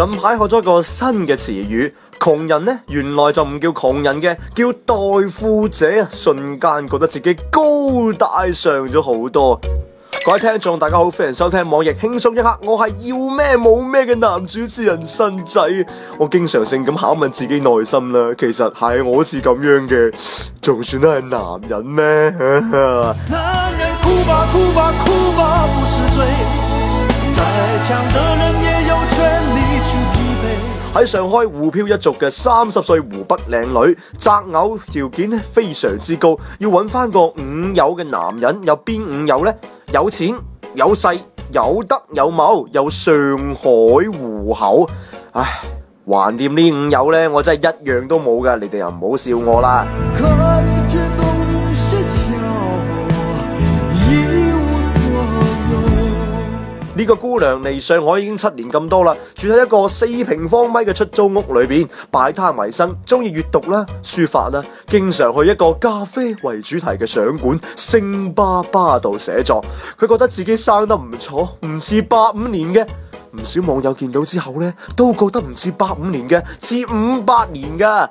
近排學咗一個新嘅詞語，窮人呢原來就唔叫窮人嘅，叫代富者。瞬間覺得自己高大上咗好多。各位聽眾，大家好，歡迎收聽網易輕鬆一刻，我係要咩冇咩嘅男主持人新仔，我經常性咁拷問自己內心啦，其實係我似咁樣嘅，仲算得係男人咩？男人哭 哭哭吧，哭吧，哭吧，不是罪喺上海滬漂一族嘅三十歲湖北靚女擇偶條件呢非常之高，要揾翻個五有嘅男人，有邊五有呢？有錢、有勢、有德、有貌、有上海戶口。唉，橫掂呢五有呢，我真係一樣都冇噶，你哋又唔好笑我啦。呢個姑娘嚟上海已經七年咁多啦，住喺一個四平方米嘅出租屋裏邊擺攤為生，中意閱讀啦、書法啦，經常去一個咖啡為主題嘅相館星巴巴度寫作。佢覺得自己生得唔錯，唔似八五年嘅。唔少網友見到之後呢，都覺得唔似八五年嘅，似五八年噶。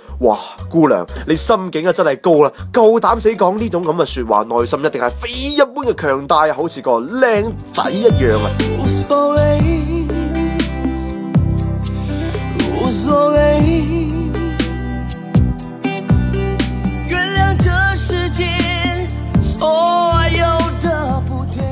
哇，姑娘，你心境真係高啦，夠膽死講呢種咁嘅說話，內心一定係非一般嘅強大，好似個靚仔一樣啊！無所謂，無所謂，原諒這世界所有嘅不對。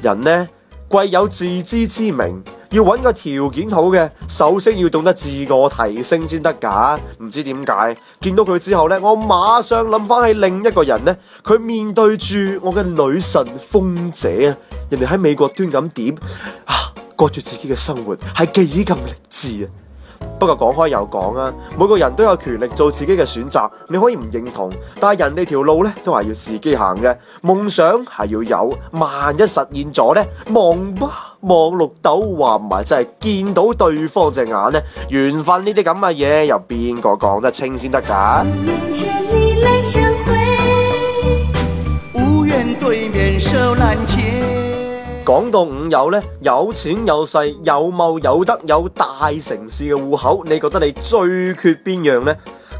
人呢，貴有自知之明。要揾個條件好嘅，首先要懂得自我提升先得噶。唔知點解見到佢之後呢，我馬上諗翻起另一個人呢，佢面對住我嘅女神鳳姐啊，人哋喺美國端咁點啊，過住自己嘅生活係幾咁勵志啊！不過講開又講啊，每個人都有權力做自己嘅選擇，你可以唔認同，但係人哋條路呢都係要自己行嘅，夢想係要有，萬一實現咗呢，夢吧。望綠豆，話唔埋，真係見到對方隻眼呢。緣分呢啲咁嘅嘢，由邊個講得清先得㗎？有緣千里來相會，無緣對面手難牽。講到五有呢，有錢有勢有貌有德、有大城市嘅戶口，你覺得你最缺邊樣呢？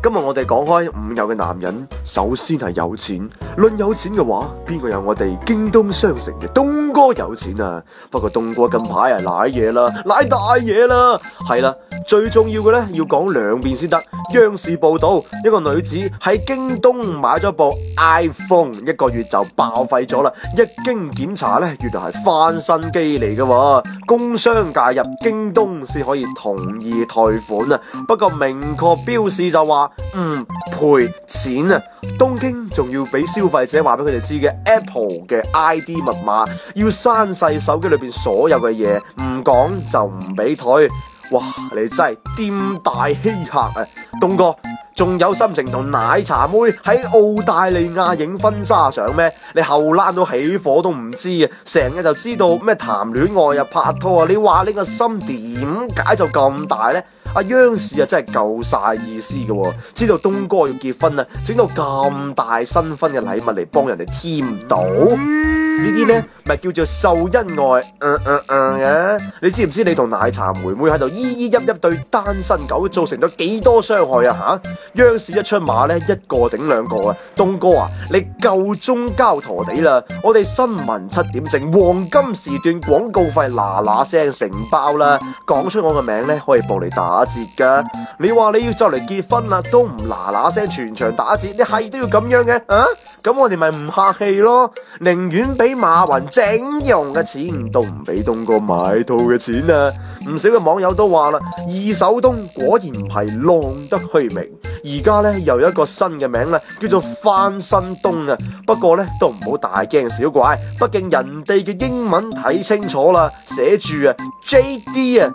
今日我哋講開五有嘅男人，首先係有錢。論有錢嘅話，邊個有我哋京東商城嘅東哥有錢啊？不過東哥近排係瀨嘢啦，瀨大嘢啦。係啦，最重要嘅咧，要講兩遍先得。央視報道，一個女子喺京東買咗部 iPhone，一個月就報廢咗啦。一經檢查咧，原來係翻新機嚟嘅。工商介入京東先可以同意退款啊。不過明確標示就話。唔賠、嗯、錢啊！京東仲要俾消費者話俾佢哋知嘅 Apple 嘅 ID 密碼，要刪晒手機裏邊所有嘅嘢，唔講就唔俾退。哇！你真係店大欺客啊，東哥。仲有心情同奶茶妹喺澳大利亞影婚紗相咩？你後欄都起火都唔知啊！成日就知道咩談戀愛啊、拍拖啊，你話你個心點解就咁大呢？阿、啊、央視啊真係夠晒意思嘅，啊，知道東哥要結婚啦，啊，整到咁大新婚嘅禮物嚟，幫人哋添堵。呢啲呢咪叫做秀恩愛，嗯嗯嗯嘅、啊。你知唔知你同奶茶妹妹喺度咿咿泣泣對單身狗造成咗幾多傷害啊？吓、啊，央視一出馬呢，一個頂兩個啊！東哥啊，你夠鐘交陀地啦！我哋新聞七點正黃金時段廣告費嗱嗱聲承包啦，講出我個名呢可以幫你打折噶。你話你要就嚟結婚啦，都唔嗱嗱聲全場打折，你係都要咁樣嘅啊？咁我哋咪唔客氣咯，寧願。俾馬雲整容嘅錢，都唔俾東哥買套嘅錢啊！唔少嘅網友都話啦，二手東果然唔係浪得虛名，而家咧又有一個新嘅名啦，叫做翻新東啊！不過咧都唔好大驚小怪，畢竟人哋嘅英文睇清楚啦，寫住啊 JD 啊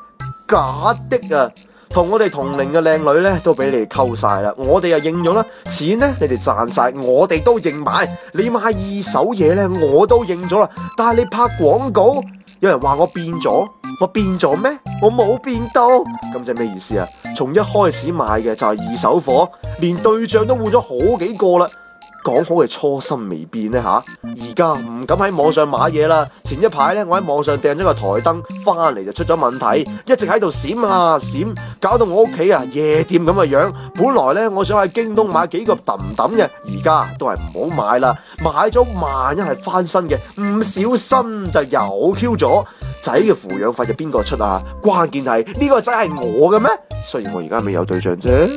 假的啊！同我哋同齡嘅靚女咧，都俾你哋溝晒啦。我哋又認咗啦，錢咧你哋賺晒，我哋都認埋。你買二手嘢咧，我都認咗啦。但係你拍廣告，有人話我變咗，我變咗咩？我冇變到，咁即係咩意思啊？從一開始買嘅就係二手貨，連對象都換咗好幾個啦。講好嘅初心未變呢。吓、啊，而家唔敢喺網上買嘢啦。前一排呢，我喺網上訂咗個台燈，翻嚟就出咗問題，一直喺度閃下閃，搞到我屋企啊夜店咁嘅樣。本來呢，我想喺京東買幾個氹氹嘅，而家都係唔好買啦。買咗萬一係翻新嘅，唔小心就又 Q 咗。仔嘅撫養費係邊個出啊？關鍵係呢個仔係我嘅咩？雖然我而家未有對象啫。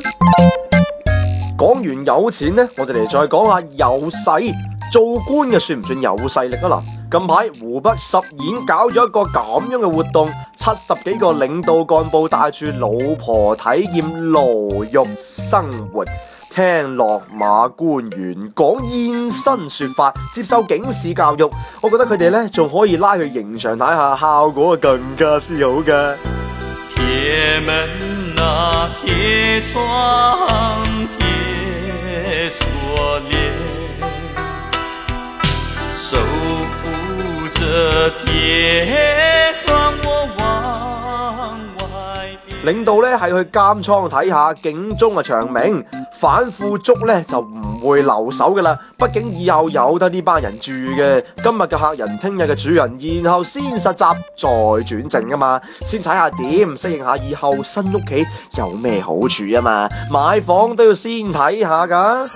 講完有錢呢，我哋嚟，再講下有勢。做官嘅算唔算有勢力啊？嗱，近排湖北十堰搞咗一個咁樣嘅活動，七十幾個領導幹部帶住老婆體驗牢獄生活，聽落馬官員講現身說法，接受警示教育。我覺得佢哋呢，仲可以拉去刑場睇下，效果更加之好㗎。鐵門、啊、那鐵窗、鐵鎖鏈，守護着鐵窗我望。領導咧係去監倉睇下警鐘啊長鳴，反腐捉咧就唔會留守噶啦，畢竟以後有得呢班人住嘅。今日嘅客人，聽日嘅主人，然後先實習再轉正噶嘛，先踩下點，適應下以後新屋企有咩好處啊嘛，買房都要先睇下噶。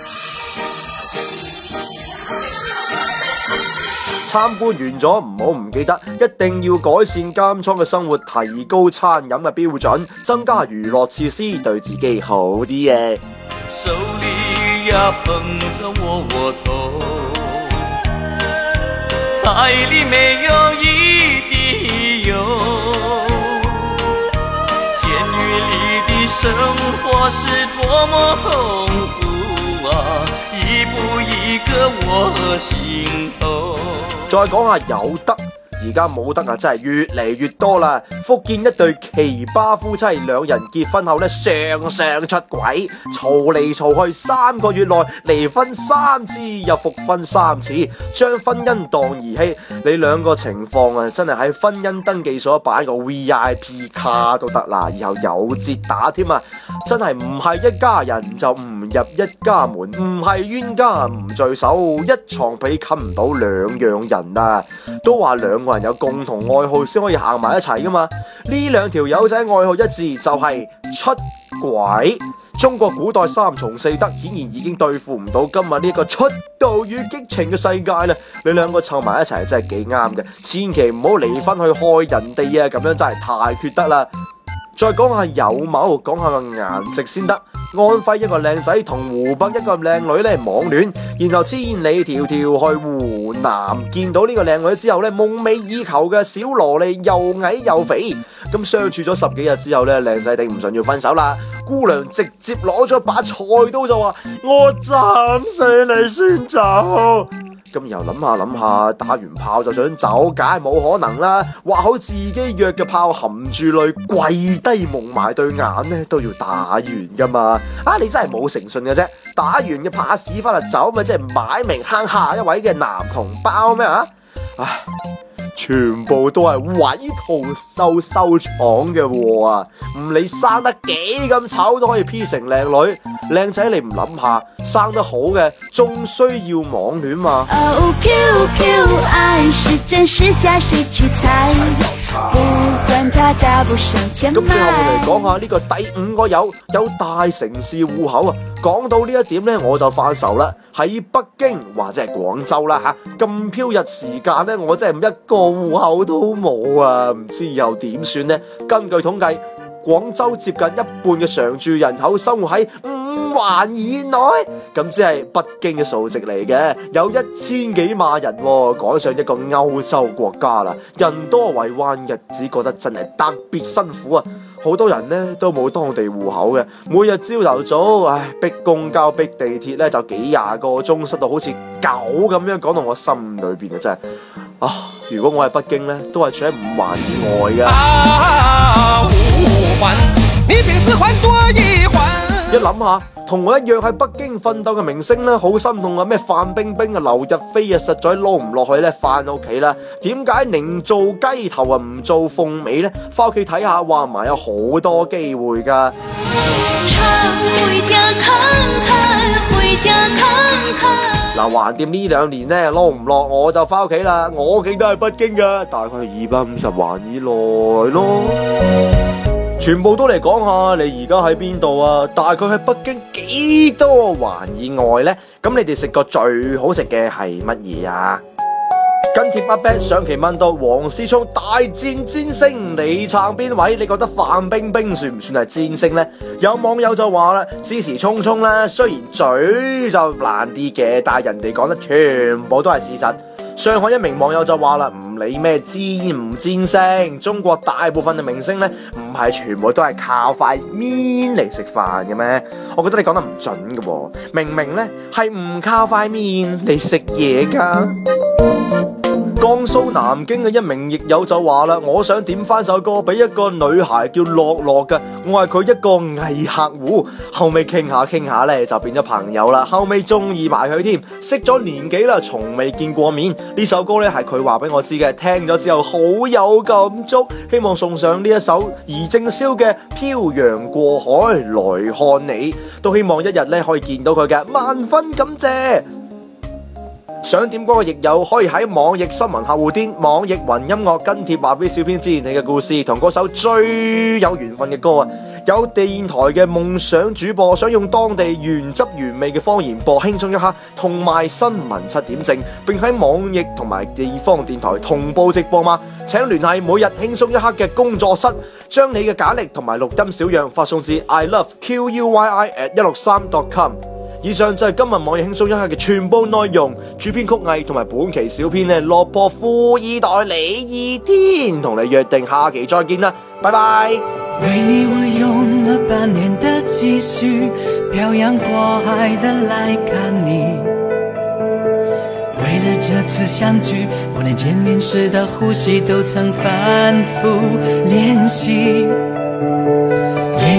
參觀完咗，唔好唔記得，一定要改善監倉嘅生活，提高餐飲嘅標準，增加娛樂設施，對自己好啲。嘢手裡也捧着窩窩頭，菜裡沒有一滴油，監獄裡的生活，是多麼痛苦。再講下有得。而家冇得啊！真係越嚟越多啦！福建一對奇葩夫妻，兩人結婚後咧，雙雙出軌，嘈嚟嘈去，三個月內離婚三次又復婚三次，將婚，婚姻當兒戲。你兩個情況啊，真係喺婚姻登記所擺個 VIP 卡都得啦，以後有折打添啊！真係唔係一家人就唔入一家門，唔係冤家唔聚首，一床被冚唔到兩樣人啊！都話兩個人。有共同愛好先可以行埋一齊噶嘛？呢兩條友仔愛好一致就係出軌。中國古代三從四德顯然已經對付唔到今日呢一個出道與激情嘅世界啦。你兩個湊埋一齊真係幾啱嘅，千祈唔好離婚去害人哋啊！咁樣真係太缺德啦。再講下有某，講下個顏值先得。安徽一個靚仔同湖北一個靚女咧網戀，然後千里迢迢去湖。男見到呢個靚女之後咧，夢寐以求嘅小蘿莉又矮又肥，咁相處咗十幾日之後咧，靚仔頂唔順要分手啦，姑娘直接攞咗把菜刀就話：我斬死你先走！咁又諗下諗下，打完炮就想走，梗係冇可能啦！畫好自己約嘅炮，含住淚跪低蒙埋對眼咧，都要打完噶嘛！啊，你真係冇誠信嘅啫，打完嘅拍屎翻嚟走，咪即係擺明坑下一位嘅男同胞咩啊？全部都係美圖秀秀整嘅喎啊，唔理生得幾咁醜，都可以 P 成靚女靚仔。你唔諗下，生得好嘅，仲需要網戀嘛？咁最後我嚟講下呢個第五個有有大城市戶口啊！講到呢一點呢，我就犯愁啦。喺北京或者係廣州啦吓，咁飄逸時間呢，我真係一個戶口都冇啊！唔知又點算呢？根據統計，廣州接近一半嘅常住人口生活喺五環以內咁即係北京嘅數值嚟嘅，有一千幾萬人，哦，趕上一個歐洲國家啦。人多為患日子過得真係特別辛苦啊！好多人呢都冇當地戶口嘅，每日朝頭早唉逼公交逼地鐵咧就幾廿個鐘，塞到好似狗咁樣，講到我心裏邊啊真係啊！如果我喺北京呢，都係住喺五環以外嘅。五環你比四環多一。一諗下，同我一樣喺北京奮鬥嘅明星咧，好心痛啊！咩范冰冰啊、劉日菲啊，實在撈唔落去咧，翻屋企啦。點解寧做雞頭啊，唔做鳳尾咧？翻屋企睇下，話埋有好多機會噶。嗱，橫掂呢兩年咧撈唔落，我就翻屋企啦。我屋企都係北京噶，大概二百五十環以內咯。全部都嚟講下，你而家喺邊度啊？大概喺北京幾多環以外呢？咁你哋食過最好食嘅係乜嘢啊？ 跟貼阿 Ben 上期問到王思聰大戰戰星，你撐邊位？你覺得范冰冰算唔算係戰星呢？有網友就話啦，思時沖沖咧，雖然嘴就難啲嘅，但係人哋講得全部都係事實。上海一名網友就話啦：唔理咩戰，唔戰聲，中國大部分嘅明星呢，唔係全部都係靠塊面嚟食飯嘅咩？我覺得你講得唔準嘅喎，啊，明明呢，係唔靠塊面嚟食嘢噶。江蘇南京嘅一名亦友就話啦，我想點翻首歌俾一個女孩叫樂樂嘅，我係佢一個藝客戶。後尾傾下傾下咧，就變咗朋友啦，後尾中意埋佢添，識咗年幾啦，從未見過面。呢首歌咧，係佢話俾我知嘅，聽咗之後好有感觸，希望送上呢一首余正宵嘅《漂洋過海來看你》，都希望一日咧可以見到佢嘅，萬分感謝。想點歌嘅易友可以喺網易新聞客戶端、網易雲音樂跟帖話俾小編知你嘅故事同嗰首最有緣分嘅歌啊！有電台嘅夢想主播想用當地原汁原味嘅方言播輕鬆一刻、同埋新聞七點正，並喺網易同埋地方電台同步直播嗎？請聯繫每日輕鬆一刻嘅工作室，將你嘅簡歷同埋錄音小樣發送至 i love q u y i at 一六三 dot com。以上就係今日網易輕鬆一刻嘅全部內容，主編曲藝同埋本期小編呢，落魄富二代李二天同你約定下期再見啦，拜拜。為你，你。我我用了了半年的積蓄，漂洋過海的來看你。為了這次相聚，我連見面時的呼吸都曾反覆練習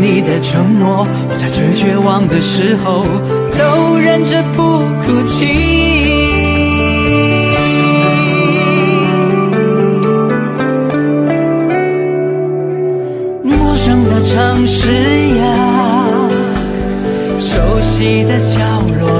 你的承諾，我在最絕望的時候都忍着不哭泣。 陌生的城市呀，熟悉的角落。